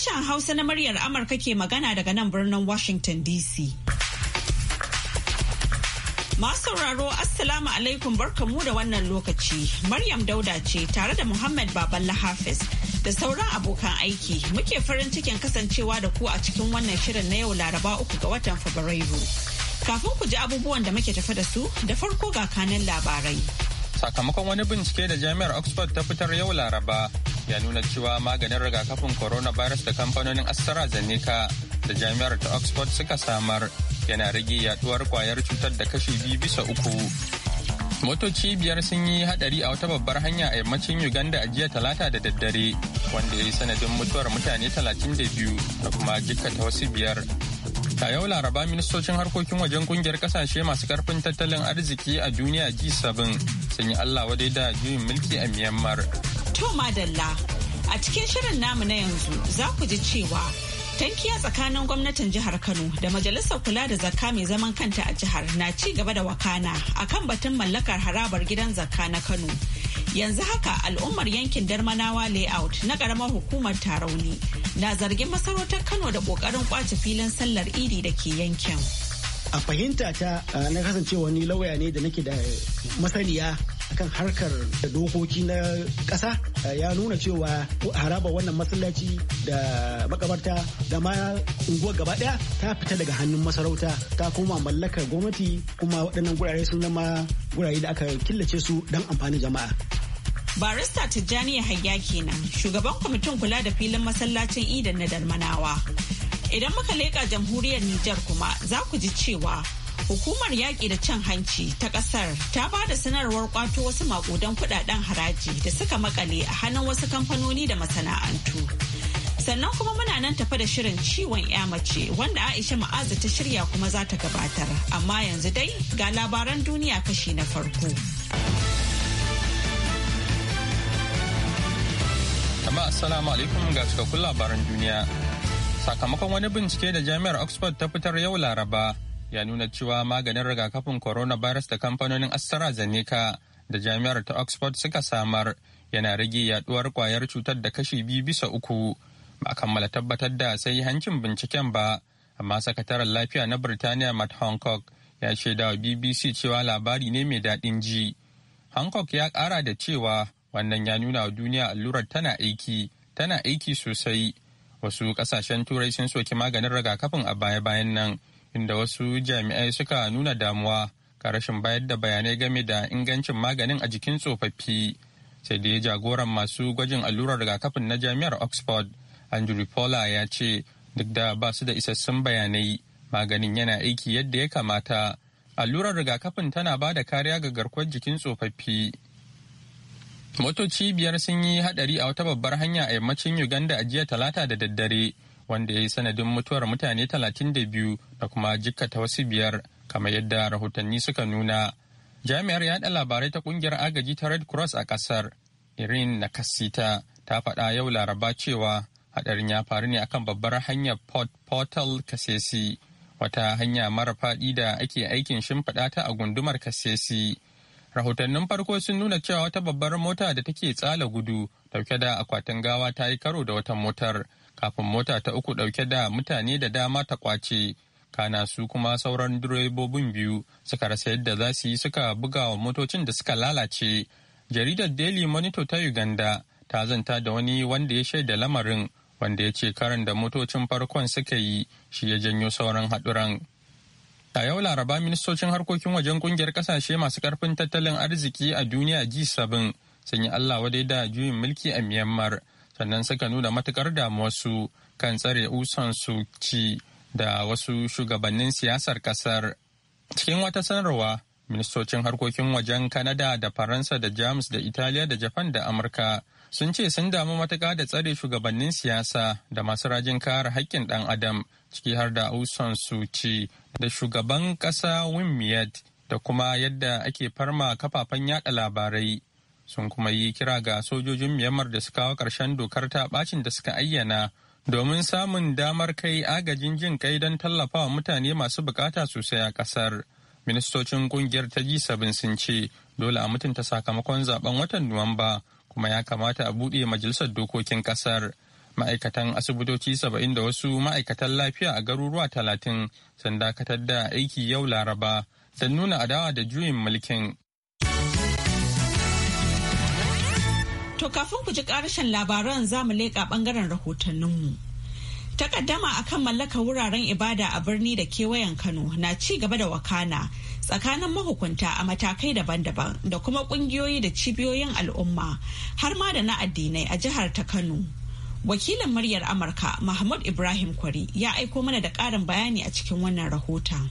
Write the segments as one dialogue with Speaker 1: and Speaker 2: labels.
Speaker 1: Sashen Hausa na muryar Amurka ke magana daga nan birnin Washington DC. Masu sauraro Assalamu alaikum mu!" da wannan lokaci. Maryam Dauda ce tare da Muhammad Baballa Hafiz da sauran abokan aiki muke farin cikin kasancewa da ku a cikin wannan shirin na yau Laraba uku ga watan Fabrairu. Kafin ku ji abubuwan da muke tafe da su da farko ga kanan labarai.
Speaker 2: Sakamakon wani bincike da Jami'ar Oxford ta fitar yau Laraba ya nuna cewa maganin rigakafin corona virus da kamfanonin AstraZeneca da jami'ar ta Oxford suka samar yana rage yaduwar kwayar cutar da kashi biyu bisa uku. Motoci biyar sun yi hadari a wata babbar hanya a yammacin Uganda a jiya talata da daddare wanda ya yi sanadin mutuwar mutane 32 da kuma jikkata wasu biyar ta yau Laraba ministocin harkokin wajen kungiyar kasashe masu karfin tattalin arziki a duniya G7 sun yi Allah wadai da juyin mulki a Myanmar To
Speaker 1: madalla a cikin shirin namu na yanzu za ku ji cewa tankiya tsakanin gwamnatin jihar Kano da majalisar kula da zakka mai zaman kanta a jihar na ci gaba da wakana a kan batun mallakar harabar gidan zakka na Kano. yanzu haka al'ummar yankin darmanawa layout na karamar hukumar tarauni na zargin masarautar kano da ƙoƙarin kwace filin sallar idi da ke yankin
Speaker 3: a fahimta ta na kasance wani lauya ne da nake da masaniya akan harkar dokoki na ƙasa eh, ya nuna cewa haraba wannan masallaci da makabarta da ma unguwar gaba ɗaya ta fita daga hannun masarauta ta koma mallakar gwamnati kuma waɗannan gurare sun zama gurare da aka killace su don amfanin jama'a.
Speaker 1: Barista Tijjani hayya kenan shugaban kwamitin kula da filin masallacin Idan na Darmanawa. Idan muka leƙa jamhuriyar Nijar kuma za ku ji cewa Hukumar yaƙi da cin hanci ta ƙasar ta ba da sanarwar kwato wasu maƙudan kuɗaɗen haraji da suka makale a hannun wasu kamfanoni da masana'antu. Sannan kuma muna nan tafa da shirin ciwon ya mace wanda Aisha Ma'azu ta shirya kuma za ta gabatar. Amma yanzu dai ga labaran duniya kashi na farko.
Speaker 2: Jama'a assalamu alaikum ga cikakkun labaran duniya. Sakamakon wani bincike da jami'ar Oxford ta fitar yau Laraba ya nuna cewa maganin rigakafin coronavirus da kamfanonin AstraZeneca da jami'ar ta Oxford suka samar yana rage yaduwar kwayar cutar da kashi biyu bisa uku. Ba a kammala tabbatar da sai hancin binciken ba, amma sakataren lafiya na Birtaniya Matt Hancock ya shaida wa BBC cewa labari ne mai daɗin ji. Hancock ya ƙara da cewa wannan ya nuna wa duniya allurar tana aiki, tana aiki sosai. Wasu ƙasashen turai sun soki maganin rigakafin a baya-bayan nan inda wasu jami'ai suka nuna damuwa ga rashin bayar da bayanai game da ingancin maganin a jikin tsofaffi sai dai jagoran masu gwajin allurar rigakafin na jami'ar oxford andrew paula ya ce duk da ba su da isassun bayanai maganin yana aiki yadda ya kamata allurar rigakafin tana ba da kariya ga garkuwar jikin tsofaffi motoci biyar sun yi hadari a wata babbar hanya a yammacin uganda a jiya talata da daddare wanda ya yi sanadin mutuwar mutane 32 da kuma jikkata wasu biyar kamar yadda rahotanni suka nuna jami'ar yada labarai ta kungiyar agaji ta red cross a kasar irin na nakasita ta faɗa yau laraba cewa hadarin ya faru ne akan babbar hanyar port portal kasesi wata hanya mara faɗi da ake aikin shimfiɗa ta a gundumar kasesi rahotannin farko sun nuna cewa wata babbar mota da take tsala gudu dauke da akwatin gawa ta yi karo da wata motar kafin mota ta uku ɗauke da mutane da dama ta kwace kana su kuma sauran direbobin biyu suka rasa yadda za su yi suka buga wa motocin da suka lalace jaridar daily monitor ta uganda ta zanta da wani wanda ya shaida lamarin wanda ya ce karan da motocin farkon suka yi shi ya janyo sauran haɗuran a yau laraba ministocin harkokin wajen kungiyar kasashe masu karfin tattalin arziki a duniya g7 sun yi allah wadai da juyin mulki a myanmar sannan suka nuna matukar damuwarsu kan tsare usan su ci da wasu shugabannin siyasar kasar cikin wata sanarwa ministocin harkokin wajen kanada da faransa da jamus da italiya da japan da amurka sun ce sun damu matuka da tsare shugabannin siyasa da masu rajin kare haƙƙin ɗan adam ciki har da usan su ci da shugaban ƙasa win da kuma yadda ake farma kafafen yada labarai sun kuma yi kira ga sojojin Myanmar da suka kawo ƙarshen dokar ta bacin da suka ayyana domin samun damar kai agajin jin kai don tallafawa mutane masu bukata sosai a ƙasar. Ministocin kungiyar ta ji sabin sun ce dole a mutunta sakamakon zaben watan Nuwamba kuma ya kamata a buɗe majalisar dokokin ƙasar. Ma'aikatan asibitoci saba'in da wasu ma'aikatan lafiya a garuruwa talatin sun dakatar da aiki yau Laraba don nuna adawa da juyin mulkin
Speaker 1: To kafin ku ji karshen labaran za mu leƙa ɓangaren rahotanninmu. Takaddama kan mallakar wuraren ibada a birni da kewayen Kano na ci gaba da wakana tsakanin mahukunta a matakai daban-daban da kuma ƙungiyoyi da cibiyoyin al'umma har ma da na addinai a jihar ta Kano. Wakilin muryar Amurka Mahmud Ibrahim Kwari ya aiko mana da ƙarin bayani a cikin wannan rahoton.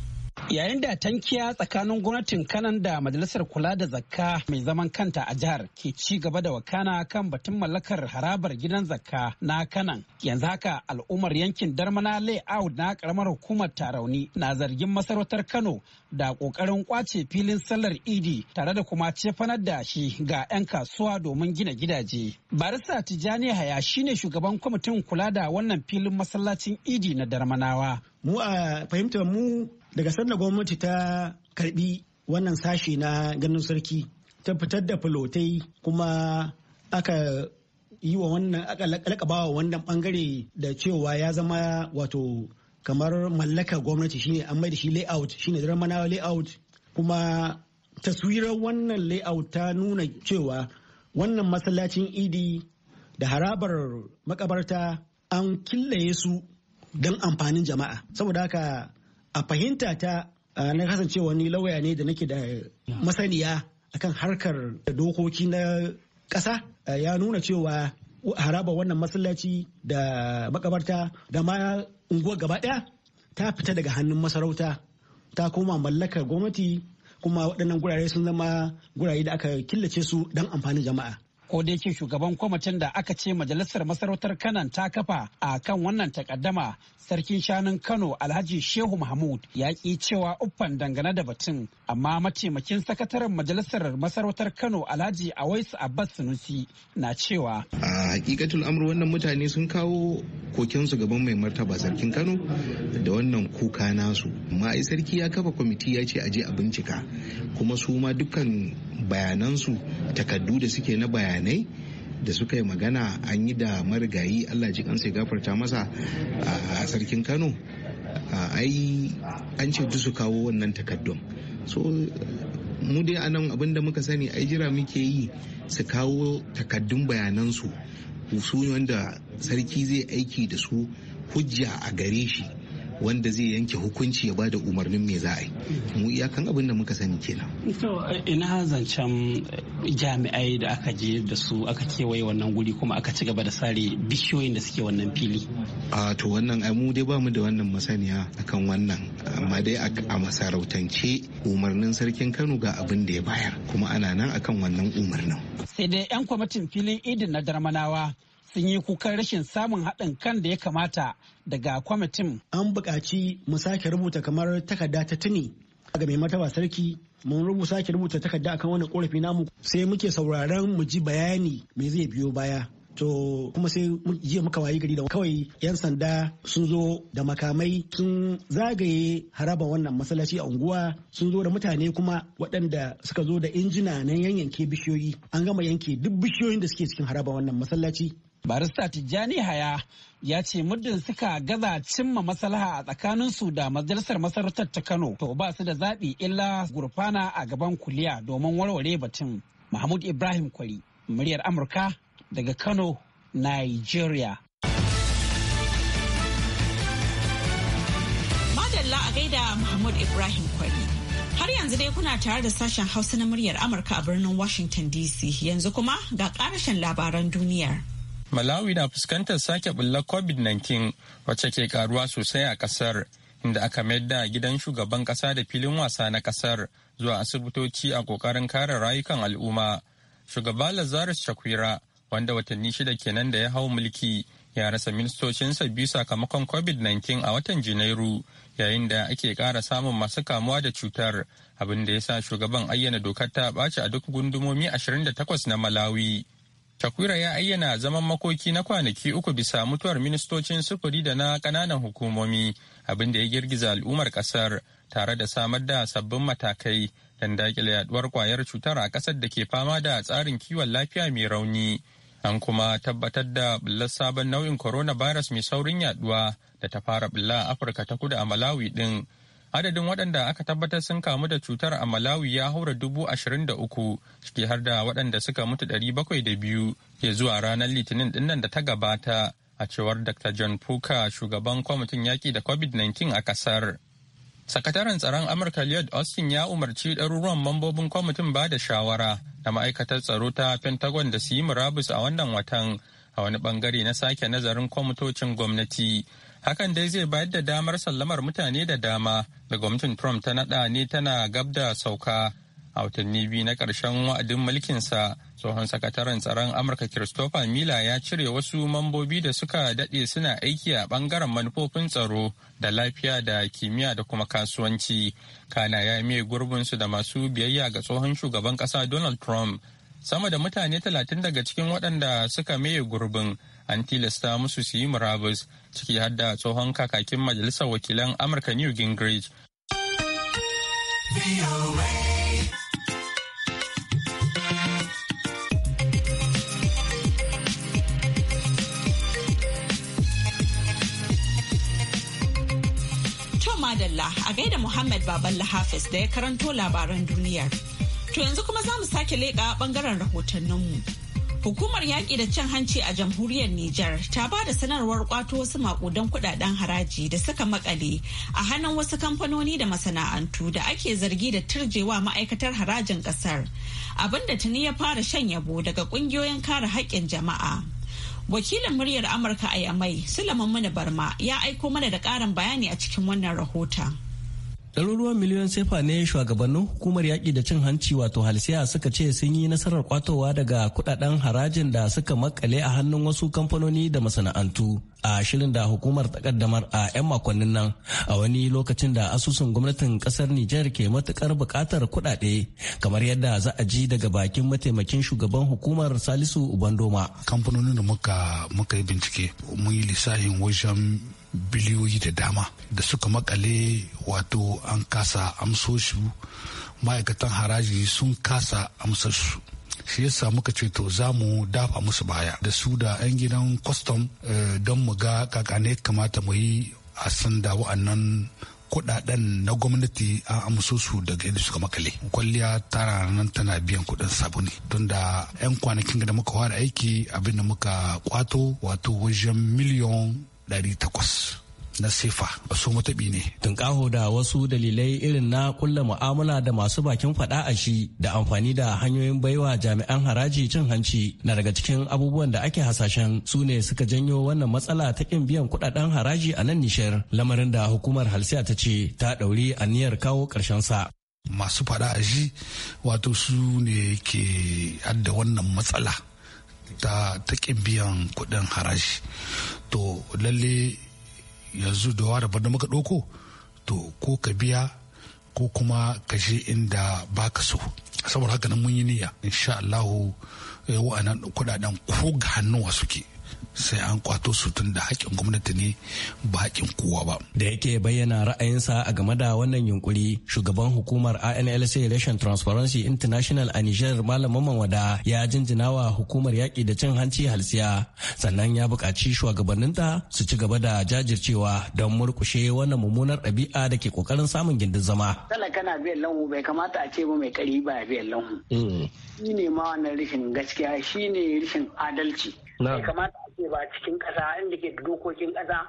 Speaker 4: yayin da tankiya tsakanin gwamnatin kanan da majalisar kula da zakka mai zaman kanta a jihar ke ci gaba da wakana kan batun mallakar harabar gidan zakka na kanan yanzu haka al'ummar yankin darmana layout na karamar hukumar tarauni na zargin masarautar kano da kokarin kwace filin sallar idi tare da kuma cefanar da shi ga 'yan kasuwa domin gina gidaje barista tijjani haya shine shugaban kwamitin kula da wannan filin masallacin idi na darmanawa
Speaker 3: mu a fahimtar mu daga sanda gwamnati ta karbi wannan sashe na ganin sarki ta fitar da filotai kuma aka yi wa wannan aka wa wannan bangare da cewa ya zama wato kamar mallaka gwamnati shine an mai da shi layout shine zama manawa layout kuma taswirar wannan layout ta nuna cewa wannan masallacin idi da harabar makabarta an killaye su don amfanin jama'a saboda haka a fahimta ta na kasancewa wani lauya ne da nake da masaniya akan harkar dokoki na ƙasa ya nuna cewa haraba wannan masallaci da makabarta da ma unguwar gaba ɗaya ta fita daga hannun masarauta ta koma mallakar gwamnati kuma waɗannan gurare sun zama gurare da aka killace su don amfanin jama'a ko da yake shugaban kwamitin da
Speaker 4: aka ce majalisar masarautar kanan ta kafa a kan wannan takaddama sarkin shanun kano alhaji shehu mahmud ya ki cewa uffan dangane da batun amma mataimakin sakataren
Speaker 5: majalisar
Speaker 4: masarautar kano alhaji awaisu abbas sunusi na cewa
Speaker 5: a hakikatul amur wannan mutane sun kawo kokensu gaban mai martaba sarkin kano da wannan kuka nasu amma ai sarki ya kafa kwamiti ya ce a je a bincika kuma su ma dukkan bayanansu takaddu da suke na bayanai da suka yi magana an yi da marigayi allah ji kansa ya gafarta masa a sarkin kano ai an ce su kawo wannan takaddun so mu dai anan abin muka sani ai jira muke yi su kawo takaddun bayanansu su wanda sarki zai aiki da su hujja a gare shi wanda zai yanke hukunci ya bada umarnin me za a yi mu iyakan abin da muka sani kenan
Speaker 6: to
Speaker 4: ina zancen jami'ai da aka je da su aka kewaye wannan guri kuma
Speaker 7: aka ci gaba da sare bishiyoyin da suke wannan fili a to wannan ai mu dai bamu da wannan masaniya
Speaker 5: akan wannan amma dai a masarautance umarnin sarkin Kano ga abin da ya bayar kuma ana nan akan wannan umarnin
Speaker 4: sai dai yan kwamitin filin idin na darmanawa
Speaker 3: sun yi kukan rashin samun haɗin kan da ya kamata daga kwamitin. An buƙaci mu sake rubuta kamar takarda ta tuni ga mai martaba sarki mun rubuta sake rubuta takarda akan wannan ƙorafi namu sai muke sauraron mu ji bayani me zai biyo baya. to kuma sai jiya muka wayi gari da kawai yan sanda sun zo da makamai sun zagaye haraba wannan masallaci a unguwa sun zo da mutane kuma waɗanda suka zo da injina na yanke bishiyoyi an gama yanke duk bishiyoyin da suke cikin haraba wannan masallaci barista
Speaker 4: tijjani haya ya ce muddin suka gaza cimma maslaha a tsakanin su da majalisar masarautar ta kano to ba su da zaɓi illa gurfana a gaban kuliya domin warware batun mahmud ibrahim kwari muryar amurka daga kano nigeria
Speaker 1: madalla a gaida mahmud ibrahim kwari har yanzu dai kuna tare da sashen hausa na muryar amurka a birnin washington dc yanzu kuma ga ƙarashen labaran duniyar.
Speaker 2: Malawi na fuskantar sake bullar COVID-19 wacce ke karuwa sosai a kasar, inda aka mayar da gidan shugaban kasa da filin wasa na kasar zuwa asibitoci a kokarin kare rayukan al'umma. Shugaba Lazarus shakwira wanda watanni shida kenan da ya hau mulki, ya rasa ministocinsa biyu sakamakon COVID-19 a watan Janairu, yayin da ake kara samun masu kamuwa da cutar, abin da ya sa shugaban ayyana dokar ta ɓaci a duk gundumomi 28 na Malawi. Takwira ya ayyana zaman makoki na kwanaki uku bisa mutuwar ministocin sufuri da na kananan hukumomi abinda ya girgiza al'ummar kasar tare da samar da sabbin matakai don daƙile yaduwar kwayar cutar a ƙasar da ke fama da tsarin kiwon lafiya mai rauni. An kuma tabbatar da bullar sabon nau'in coronavirus mai saurin yaduwa da ta fara bulla a Afirka ta kudu a Malawi din. adadin waɗanda aka tabbatar sun kamu da cutar a malawi ya haura dubu ashirin da uku ciki har da waɗanda suka mutu ɗari bakwai da biyu ke zuwa ranar litinin ɗinnan da ta gabata a cewar dr john puka shugaban kwamitin yaƙi da covid-19 a ƙasar sakataren tsaron amurka lloyd austin ya umarci ɗaruruwan mambobin kwamitin ba da shawara na ma'aikatar tsaro ta pentagon da su yi murabus a wannan watan a wani bangare na sake nazarin kwamitocin gwamnati hakan dai zai bayar da damar sallamar mutane da dama da gwamnatin trump ta naɗa ne tana gab da sauka a watanni biyu na ƙarshen wa'adin mulkinsa tsohon sakataren tsaron amurka christopher miller ya cire wasu mambobi da suka daɗe suna aiki a bangaren manufofin tsaro da lafiya da kimiyya da kuma kasuwanci kana ya mai gurbinsu da masu biyayya ga tsohon shugaban ƙasa donald trump sama da mutane talatin daga cikin waɗanda suka maye gurbin an tilasta musu su yi murabus ciki har da tsohon kakakin majalisar wakilan amurka new gingrich
Speaker 1: madalla a gaida Muhammad Baballa Hafiz da ya karanto labaran duniyar. To yanzu kuma za mu sake leƙa bangaren rahotanninmu. Hukumar yaƙi da cin hanci a jamhuriyar Nijar ta ba da sanarwar kwato wasu maƙudan kudaden haraji da suka makale a hannun wasu kamfanoni da masana'antu da ake zargi da turjewa ma'aikatar harajin ƙasar. Abin da tuni ya fara shan yabo daga ƙungiyoyin kare haƙƙin jama'a. Wakilin muryar Amurka a Yamai, Sulaiman Muna Barma, ya aiko mana da ƙarin bayani a cikin wannan rahoton.
Speaker 7: ɗaruruwan miliyon sefa ne shugabannin hukumar yaƙi da cin hanci wato halsiya suka ce sun yi nasarar kwatowa daga kudaden harajin da suka makale a hannun wasu kamfanoni da masana'antu a shirin da hukumar takaddamar a 'yan makonnin nan a wani lokacin da asusun gwamnatin kasar Nijar ke matukar buƙatar kudade kamar yadda za a ji daga bakin mataimakin shugaban hukumar Salisu Ubandoma. Kamfanonin da
Speaker 8: muka muka yi bincike mun yi lissafin wajen biliyoyi da dama da suka makale wato an kasa amso ma'aikatan haraji sun kasa amsar shi yasa muka ce to za mu dafa musu baya da su da 'yan gidan kwastam eh, don mu ga kakane kamata mu yi a san da wa'annan kudaden na gwamnati an amso daga yadda suka makale kwalliya tara nan tana biyan kudin sabuni don da yan kwanakin da muka wara aiki abinda muka kwato wato wajen miliyon 800 na sifa su mutubi ne.
Speaker 7: tunkaho da wasu dalilai irin na kulla mu'amala da masu bakin faɗa a shi da amfani da hanyoyin baiwa jami'an haraji cin hanci na daga cikin abubuwan da ake hasashen su ne suka janyo wannan matsala ta ƙin biyan kuɗaɗen haraji a nan nishar lamarin da hukumar
Speaker 8: halsiya ta ce ta ɗauri aniyar kawo ƙarshen sa. Masu faɗa a shi wato su ne ke adda wannan matsala. ta takin biyan kuɗin harashi to lalle yanzu da wara da muka ɗauko to ko ka biya ko kuma ka je inda baka so saboda haka nan mun yi niyya insha Allah eh, wa'annan kuɗaɗen ko ga hannuwa suke sai an kwato su tun da haƙƙin gwamnati ne ba haƙƙin kowa ba. Da yake
Speaker 7: bayyana ra'ayinsa a game da wannan yunkuri shugaban hukumar ANLC election Transparency International a Nijar Malam Wada ya jinjina wa hukumar yaƙi da cin hanci halsiya sannan ya buƙaci shugabanninta su ci gaba da jajircewa don murƙushe wannan mummunar ɗabi'a da ke ƙoƙarin samun gindin zama.
Speaker 3: Talaka na biyan lanhu bai kamata a ce ba mai ƙari ba biyan lanhu. Mm. Shi ne ma wannan rashin gaskiya shi ne rashin adalci. Bai kamata ba cikin ƙasa inda ke dokokin kasa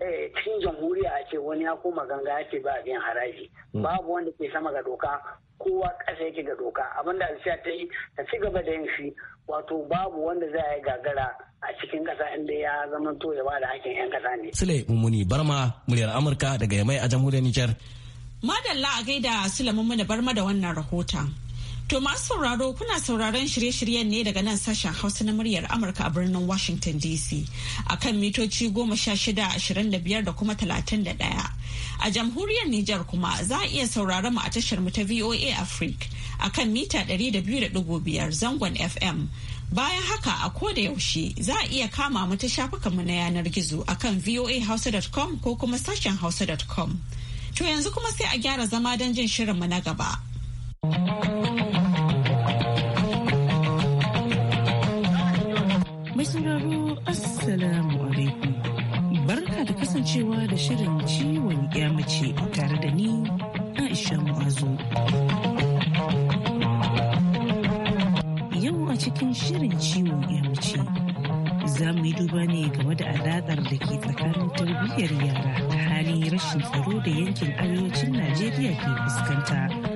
Speaker 3: eh, cikin jamhuriya a ce wani ya koma ganga ya ce ba biyan haraji mm. babu wanda ke sama ga doka kowa ƙasa yake ga doka abin da alsiya ta yi ta ci gaba da yin shi wato babu wanda za a yi gagara a cikin ƙasa inda ya zama to ya bada hakin 'yan ƙasa ne.
Speaker 7: Sule Mummuni Barma muryar Amurka daga Yamai a jamhuriyar Nijar.
Speaker 1: Madalla a gaida Sule Mummuni Barma da wannan rahoton. To masu sauraro kuna sauraron shirye-shiryen ne daga nan sashen Hausa na muryar Amurka a birnin Washington DC a kan mitoci goma sha ashirin da biyar da kuma talatin da ɗaya. A jamhuriyar Nijar kuma za a iya sauraron mu a tashar mu ta VOA Africa a kan mita ɗari da biyu da ɗigo biyar zangon FM. Bayan haka a da yaushe za a iya kama mu ta mu na yanar gizo a kan voahausa.com ko kuma sashen hausa.com. To yanzu kuma sai a gyara zama don jin shirin mu na gaba.
Speaker 6: Mai sauraro Assalamu alaikum. Barka da kasancewa da shirin ciwon yamace tare da ni Aisha Mu'azu. Yau a cikin shirin ciwon yamace za mu yi duba ne game da alaƙar da ke tsakanin tarbiyyar yara ta hali rashin tsaro da yankin arewacin Najeriya ke fuskanta.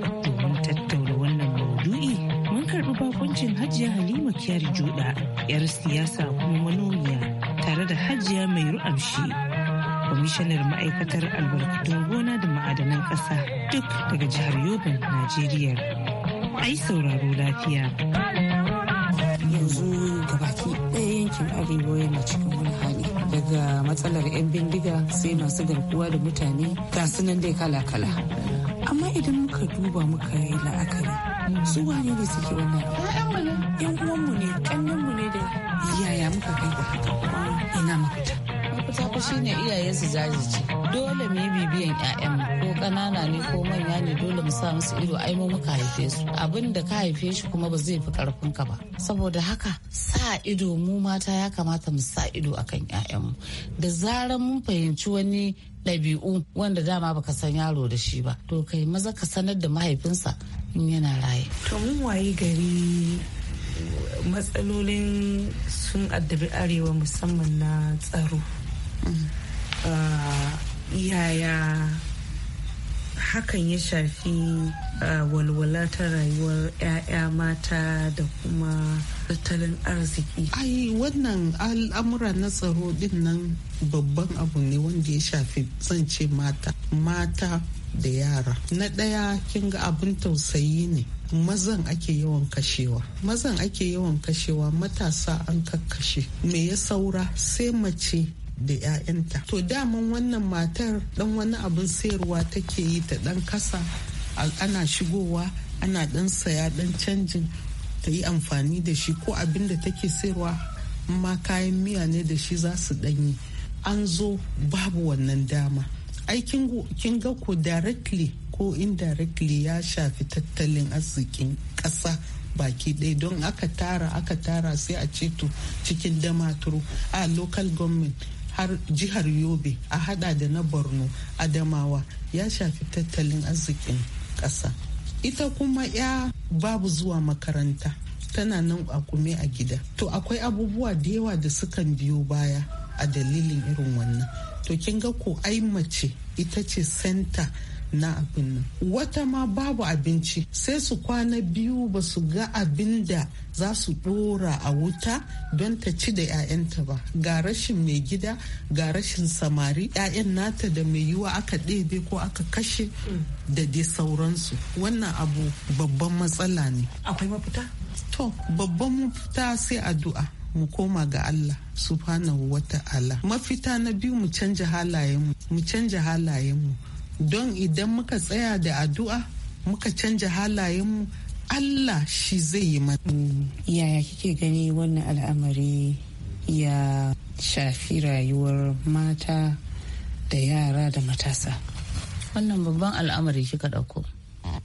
Speaker 6: dukiyar juda yar siyasa kuma manomiya tare da hajiya mai ru'amshi kwamishinar ma'aikatar albarkatun gona da ma'adanan ƙasa duk daga jihar yobin najeriya ai sauraro lafiya yanzu gabaki ɗaya yankin arewa yana cikin wani hali daga matsalar 'yan bindiga sai masu garkuwa da mutane ga sunan dai kala-kala amma idan muka duba muka yi la'akari su
Speaker 9: wane ne suke wannan yan shine iyaye su jajirce dole mu yi bibiyan mu ko ƙanana ne ko manya ne dole mu sa musu ido ai mu muka haife su abin da ka haife shi kuma ba zai fi karfin ka ba saboda haka sa ido mu mata ya kamata mu sa ido akan mu. da zaran mun fahimci wani ɗabi'u wanda dama baka san yaro da shi ba to kai maza ka sanar da mahaifinsa in yana raye to mun waye gari matsalolin sun addabi
Speaker 6: arewa musamman na tsaro Eh, yaya hakan ya shafi eh, walwala ta rayuwar
Speaker 5: 'ya'ya mata da kuma tattalin arziki ai wannan al'amura na tsaro din nan babban abu ne wanda ya shafi zance mata mata da yara na ɗaya kin ga abin tausayi ne mazan ake yawan kashewa mazan ake yawan kashewa matasa an kakkashe me ya saura sai mace da 'ya'yanta to daman wannan matar dan wani abin sayarwa take yi ta dan kasa ana shigowa ana dan saya dan canjin ta yi amfani da shi ko abin da take sayarwa ma kayan miya ne da shi za su yi an zo babu wannan dama aikin kin ga ko directly ko indirectly ya shafi tattalin arzikin ƙasa baki ɗaya don aka tara aka tara sai a ceto cikin damaturu a local government har jihar yobe a hada da na borno adamawa ya shafi tattalin arzikin ƙasa ita kuma ya babu zuwa makaranta tana nan a kume a gida to akwai abubuwa da yawa da sukan biyo baya a dalilin irin wannan to kin ga ko ai mace ita ce senta na abin nan wata ma babu abinci sai su kwana biyu ba su ga abin da za su dora a wuta don ta ci da 'ya'yanta ba ga rashin mai gida ga rashin samari 'ya'yan nata da mai yiwa aka ɗebe ko aka kashe da dai sauransu wannan abu babban matsala ne akwai mafita to babban mafita sai addu'a mu koma ga Allah subhanahu wa ta'ala mafita na biyu mu canja halayenmu mu canja halayenmu don idan muka tsaya da addu'a muka canja halayenmu Allah shi zai yi mata. Yaya kike gani wannan al'amari
Speaker 6: ya
Speaker 9: shafi rayuwar mata da yara da matasa? Wannan babban al'amari kika ɗauko.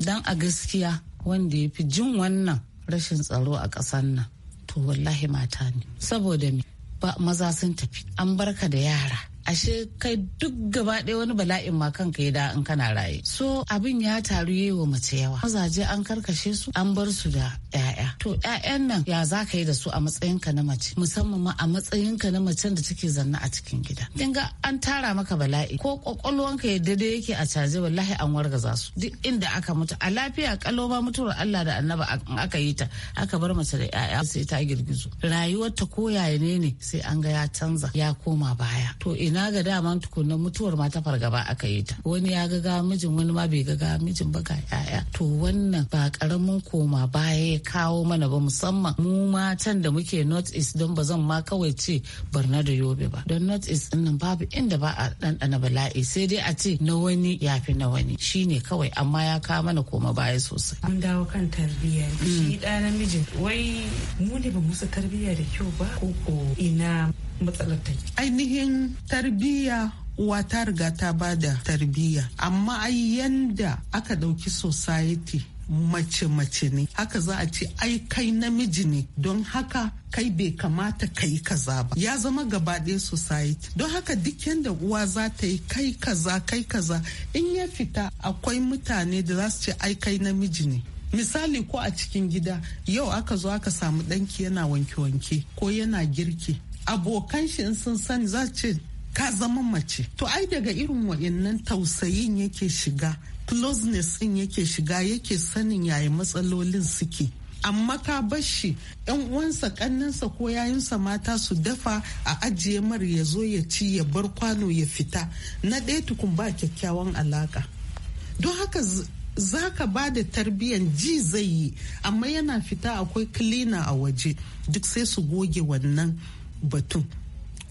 Speaker 9: Don a gaskiya wanda ya fi jin wannan rashin tsaro a ƙasar nan, to wallahi mata ne. Saboda me ba maza sun tafi, an barka da yara. ashe kai duk gaba ɗaya wani bala'in ma kanka ya da in kana raye so abin ya taru yi wa mace yawa mazaje an karkashe su an bar su da ƴaƴa to ƴaƴan nan ya za ka yi da su a matsayin ka na mace musamman ma a matsayin ka na mace da take zanna a cikin gida kin ga an tara maka bala'i ko kwakwalwanka ya dai yake a caje wallahi an wargaza su duk inda aka mutu a lafiya kalo ba mutuwar Allah da annaba aka yi ta aka bar mace da ƴaƴa sai ta girgizo rayuwarta ko yaya ne ne sai an ga ya canza ya koma baya to ina ga dama tukunan mutuwar ma ta fargaba aka yi ta wani ya ga ga mijin wani ma bai ga ga mijin ba ga yaya to wannan ba karamin koma baya ya kawo mana ba musamman mu matan da muke north east don ba zan ma kawai ce barna da yobe ba don north east nan babu inda ba a ɗanɗana bala'i sai dai a ce na wani ya fi na wani shine kawai amma ya kawo mana koma baya sosai.
Speaker 6: An dawo kan tarbiyya shi mm. ɗa namijin wai mu ne ba musu tarbiyya da kyau ba ko ko ina
Speaker 5: matsalar take. Ainihin tarbiyya uwa ta riga ta bada tarbiyya amma ai yanda aka ɗauki society mace-mace ne haka za a ce ai kai namiji ne don haka kai bai kamata ka yi kaza ba ya zama gabaɗaya society don haka duk yadda uwa za ta yi kai kaza kai kaza in ya fita akwai mutane da za su ce ai kai namiji ne misali ko a cikin gida yau aka zo aka samu ɗanki yana wanke-wanke ko yana girki abokan shi in sun sani za ce ka zama mace to ai daga irin wayannan tausayin yake shiga closeness din yake shiga yake sanin yayi matsalolin suke amma ka bashi yan uwansa kannansa ko yayinsa mata su dafa a ajiye mar ya zo ya ci ya bar kwano ya fita na ɗaya tukun ba kyakkyawan alaka don haka za ka ba da tarbiyan ji zai yi amma yana fita akwai kilina a waje duk sai su goge wannan batun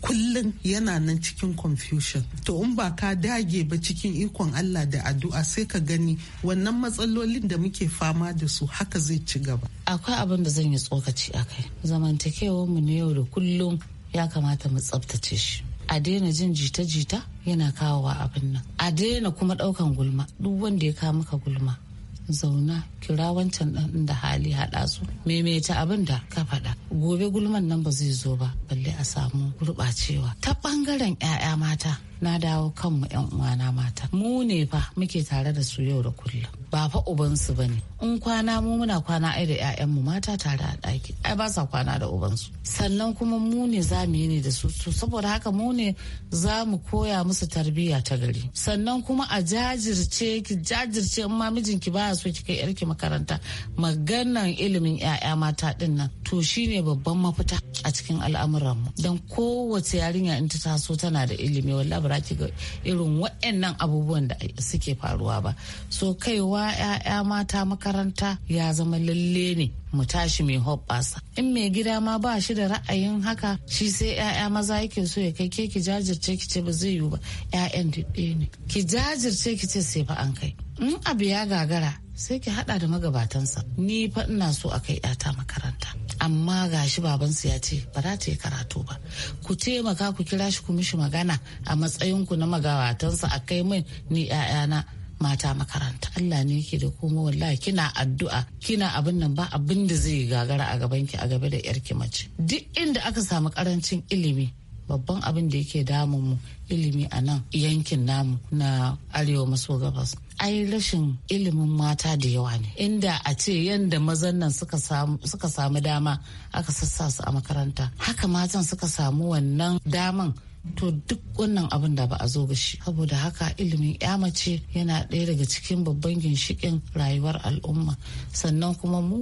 Speaker 5: kullum yana nan cikin confusion to in ba ka dage ba cikin ikon Allah da addu'a sai ka gani wannan matsalolin da muke fama da su haka zai ci gaba akwai abin da zan yi tsokaci akai zamantakewar mu na yau da kullum ya
Speaker 9: kamata mu tsabtace shi a daina jin jita-jita yana kawowa abin nan a daina kuma daukan gulma duk wanda ya kawo maka gulma zauna kira wancan ɗan da hali haɗa su maimaita abin da ka faɗa gobe gulman nan ba zai zo ba balle a samu gurɓacewa ta ɓangaren 'ya'ya mata na dawo kanmu yan uwana mata mu ne fa muke tare da su yau da kullum ba fa ubansu bane in kwana mu muna kwana ai da ƴaƴanmu mata tare a ɗaki ai ba sa kwana da ubansu sannan kuma mu ne za mu yi ne da su saboda haka mu ne za mu koya musu tarbiyya ta gari sannan kuma a jajirce ki jajirce in ma mijinki baya so ki kai yarki makaranta maganan ilimin ƴaƴa mata din nan to shine babban mafita a cikin al'amuran mu dan kowace yarinya in ta taso tana da ilimi wallahi za ki ga irin waɗannan abubuwan da suke faruwa ba so kaiwa 'ya'ya mata makaranta ya zama lalle ne mu tashi mai hoɓɓasa in mai gida ma ba shi da ra'ayin haka shi sai 'ya'ya maza yake so ya kai ke ki jajirce ki ce ba zai yiwu ba 'ya'yan duɗe ne ki jajirce ki ce sai fa an kai in abu ya gagara sai ki hada da magabatansa ni fa ina so a kai yata makaranta amma ga shi babansu ya ce ba za ta yi karatu ba ku taimaka ku kira shi ku mishi magana a matsayinku na magabatansa a kai min ni 'ya'yana mata makaranta Allah ne yake da kuma wallahi kina addu'a kina abin nan ba abin da zai gagara a gaban ki a gaba da yarki mace duk inda aka samu karancin ilimi babban abin da yake damun mu ilimi a nan yankin namu na arewa maso gabas ai rashin ilimin mata da yawa ne inda a ce yadda mazan nan suka samu dama aka sassa su a makaranta haka matan suka samu wannan daman to duk wannan abin da ba a zo ga shi saboda haka ilimin ya mace yana ɗaya daga cikin babban ginshikin rayuwar al'umma sannan kuma mu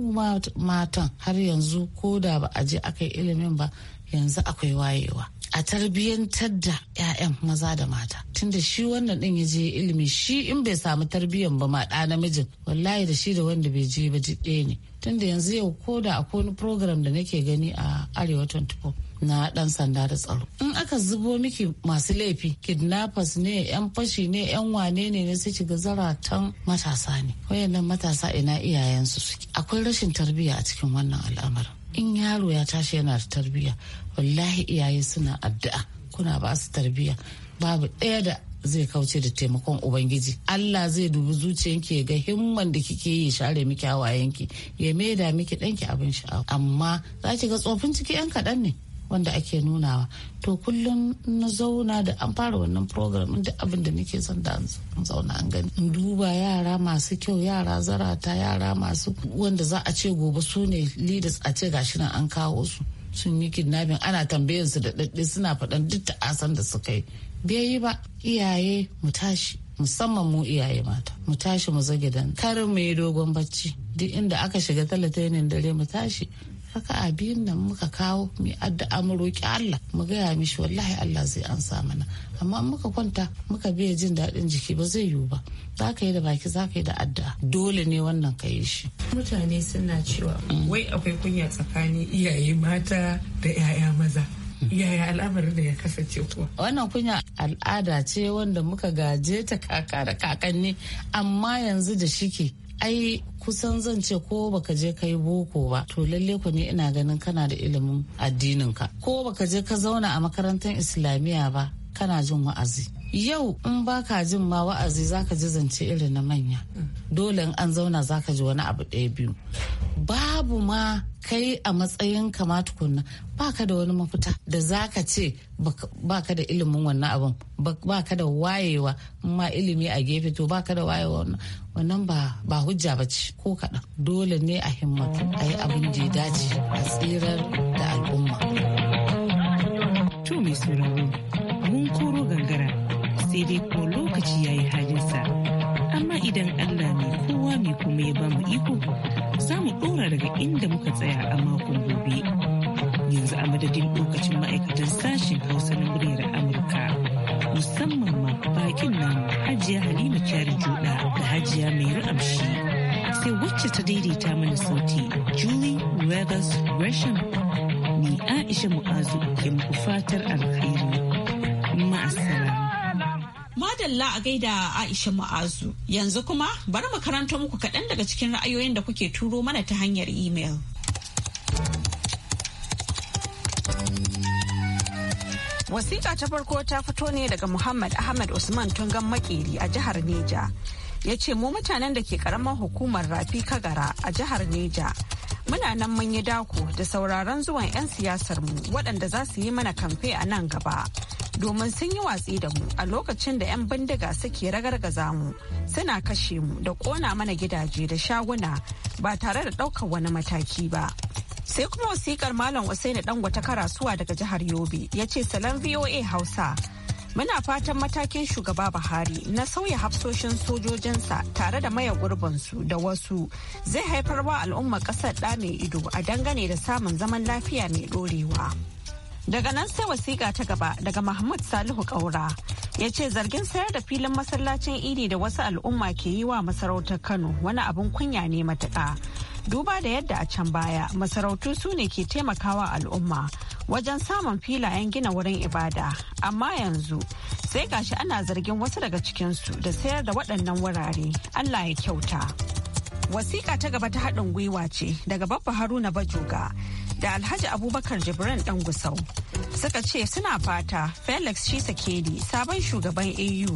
Speaker 9: matan har yanzu ko da ba a je aka yi ilimin ba yanzu akwai wayewa a tarbiyyantar da 'ya'yan maza da mata tunda shi wannan din ya je ilimi shi in bai samu tarbiyyan ba ma ɗa namijin wallahi da shi da wanda bai je ba ji ɗaya ne tunda yanzu yau ko da a wani program da nake gani a arewa 24 na ɗan sanda da tsaro in aka zubo miki masu laifi kidnappers ne yan fashi ne yan wane ne ne sai kiga zaratan matasa ne wayannan matasa ina iyayensu suke akwai rashin tarbiyya a cikin wannan al'amarin in yaro ya tashi yana da tarbiyya wallahi iyaye suna addu'a kuna ba su tarbiyya babu ɗaya da zai kauce da taimakon ubangiji allah zai dubi zuciyanki ya ga himman da kike yi share miki hawayenki ya maida miki ɗanki abin sha'awa amma za ki ga tsofin ciki yan kaɗan ne wanda ake nunawa to kullum na zauna da an fara wannan program duk abin da nake son da zauna an gani in duba yara masu kyau yara zarata yara masu wanda za a ce gobe su ne leaders a ce gashi nan an kawo su sun yi kidnapping ana tambayar su da daddai suna faɗan duk ta'asan da suka yi bai yi ba iyaye mu tashi musamman mu iyaye mata mu tashi mu zage dan kar mu yi dogon bacci duk inda aka shiga talatainin dare mu tashi haka abin nan muka kawo mai addu'a mu roki Allah mu gaya mishi wallahi Allah zai ansa mana amma muka kwanta muka biya jin daɗin jiki ba zai yiwu ba za ka yi da baki za ka yi da addu'a dole ne wannan ka yi shi. Mutane suna
Speaker 6: cewa wai akwai kunya tsakanin iyaye mata da 'ya'ya maza. yaya al'amarin da ya kasance kuwa.
Speaker 9: Wannan kunya al'ada ce wanda muka gaje ta kaka da kakanni amma yanzu da shike ai kusan zan ce ko baka je kai boko ba to lalle ku ne ina ganin kana da ilimin addininka ko baka je ka zauna a makarantar islamiyya ba kana jin wa'azi yau in baka jin ma wa'azi zaka ji zance irin na manya dole in an zauna zaka ji wani abu ɗaya biyu babu ma kai a matsayin kama tukunna baka da wani mafita da zaka ce baka da ilimin wannan abin baka da wayewa ma ilimi a gefe to baka da wayewa wannan ba hujja ba ce ko kaɗan dole ne a himmatu a yi abin da ya dace a tsirar da al'umma.
Speaker 6: daidai ko lokaci ya yi halinsa amma idan allah mai kowa mai kuma ya bamu iko za mu ɗora daga inda muka tsaya a makon gobe yanzu a madadin lokacin ma'aikatan sashen hausa na muryar amurka musamman ma bakin namu hajiya halima kyari juda da hajiya mai ra'amshi sai wacce ta daidaita mana sauti julie weathers gresham ne aisha mu'azu ke muku fatar alkhairi
Speaker 1: madalla a gaida Aisha Ma'azu. Yanzu kuma bari mu karanta muku kaɗan daga cikin ra'ayoyin da kuke turo mana ta hanyar imel. Wasiƙa ta farko ta fito ne daga Muhammad Ahmad Usman Tungan Makeri a jihar Neja. Ya ce mu mutanen da ke karamar hukumar Rafi Kagara a jihar Neja. Muna nan mun yi dako da sauraron zuwan 'yan siyasarmu waɗanda za su yi mana kamfe a nan gaba. domin sun yi watsi da mu a lokacin da 'yan bindiga suke ragargaza mu suna kashe mu da kona mana gidaje da shaguna ba tare da ɗaukar wani mataki ba. sai kuma wasikar malam usaini dangwa ta karasuwa daga jihar yobe ya ce salon voa hausa muna fatan matakin shugaba buhari na sauya hafsoshin sojojinsa tare da maye gurbinsu da wasu zai haifar wa al'ummar kasar ɗa mai ido a dangane da samun zaman lafiya mai ɗorewa. Daga nan sai wasiƙa ta gaba daga Mahmud Salihu Kaura ya ce zargin sayar da filin masallacin idi da wasu al'umma ke yi wa masarautar Kano wani abin kunya ne matuƙa. Duba da yadda a can baya masarautu su ne ke taimakawa al'umma wajen samun filayen gina wurin ibada amma yanzu sai gashi ana zargin wasu daga cikinsu da sayar da waɗannan wurare Allah ya kyauta. Wasiƙa ta gaba ta haɗin gwiwa ce daga Babba Haruna Bajoga da Alhaji Abubakar Jibran dan Gusau suka ce suna fata Felix Shisekedi sabon shugaban AU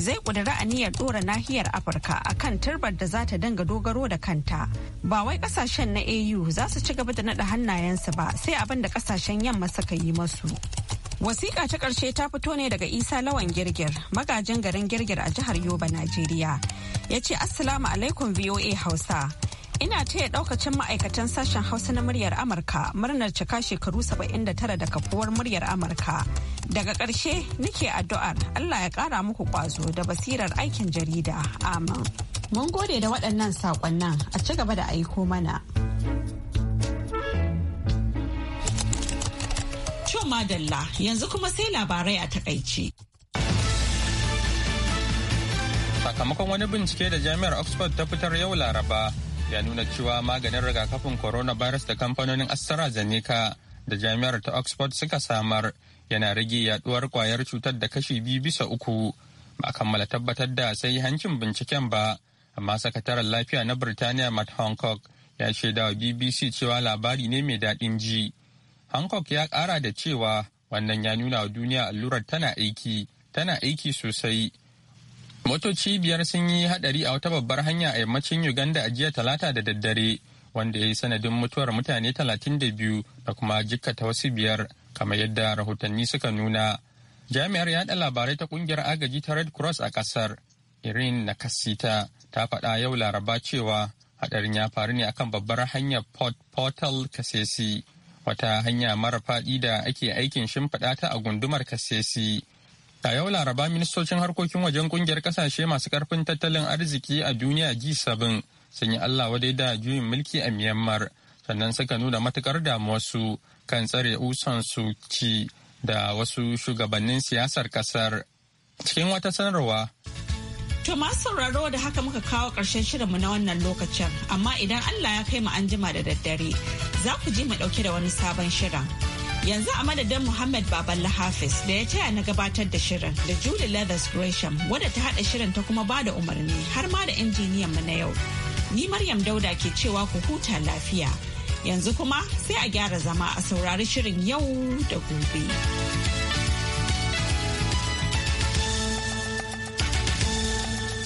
Speaker 1: zai kudura aniyar dora nahiyar Afirka akan turbar da za ta danga dogaro da kanta. Ba wai kasashen na AU za su ci gaba da nada hannayensu ba sai abin da kasashen yamma suka yi masu. Wasiƙa ta ƙarshe ta fito ne daga Isa Lawan Girgir, magajin garin Girgir a jihar Yoba, Najeriya. Ya ce, Assalamu alaikum VOA Hausa. Ina taya daukacin ma'aikatan sashen Hausa na muryar Amurka murnar cika shekaru 79 da kafuwar muryar Amurka. Daga ƙarshe nake addu'ar Allah ya ƙara muku ƙwazo da basirar aikin jarida. Amin. Mun gode da waɗannan saƙonnan a ci gaba da aiko mana. Cin madalla yanzu kuma sai labarai a taƙaice.
Speaker 2: Sakamakon wani bincike da jami'ar Oxford ta fitar yau Laraba ya nuna cewa maganin rigakafin coronavirus da kamfanonin AstraZeneca da jami'ar ta Oxford suka samar yana rage yaduwar kwayar cutar da kashi biyu bisa uku. Ba a kammala tabbatar da sai hancin binciken ba, amma sakataren lafiya na Birtaniya Matt Hancock ya shaida wa BBC cewa labari ne mai daɗin ji. Hancock ya ƙara da cewa wannan ya nuna wa duniya allurar tana aiki, tana aiki sosai motoci biyar sun yi hadari a wata babbar hanya a yammacin uganda a jiya talata da daddare wanda ya yi sanadin mutuwar mutane talatin da biyu da kuma jikkata wasu biyar kamar yadda rahotanni suka nuna jami'ar yaɗa labarai ta ƙungiyar agaji ta red cross a ƙasar, irin nakasita ta faɗa yau laraba cewa hadarin ya faru ne akan babbar hanyar port portal kasesi wata hanya mara faɗi da ake aikin shimfiɗa ta a gundumar kasesi A yau Laraba ministocin harkokin wajen kungiyar kasashe masu karfin tattalin arziki a duniya G7 sun yi Allah wadai da juyin mulki a Myanmar sannan suka nuna matukar damuwarsu kan tsare usan su ci da wasu shugabannin siyasar kasar. Cikin wata sanarwa. To
Speaker 1: masu sauraro da haka muka kawo ƙarshen shirinmu na wannan lokacin amma idan Allah ya kai mu anjima da daddare za ku ji mu ɗauke da wani sabon shirin. Yanzu a madadin Muhammad Baballa Hafiz da ya taya na gabatar da shirin da Julie Leathers Gresham wadda ta haɗa shirin ta kuma bada umarni har ma da injiniyan mu na yau. Ni Maryam Dauda ke cewa ku huta lafiya. Yanzu kuma sai a gyara zama a saurari shirin yau da gobe.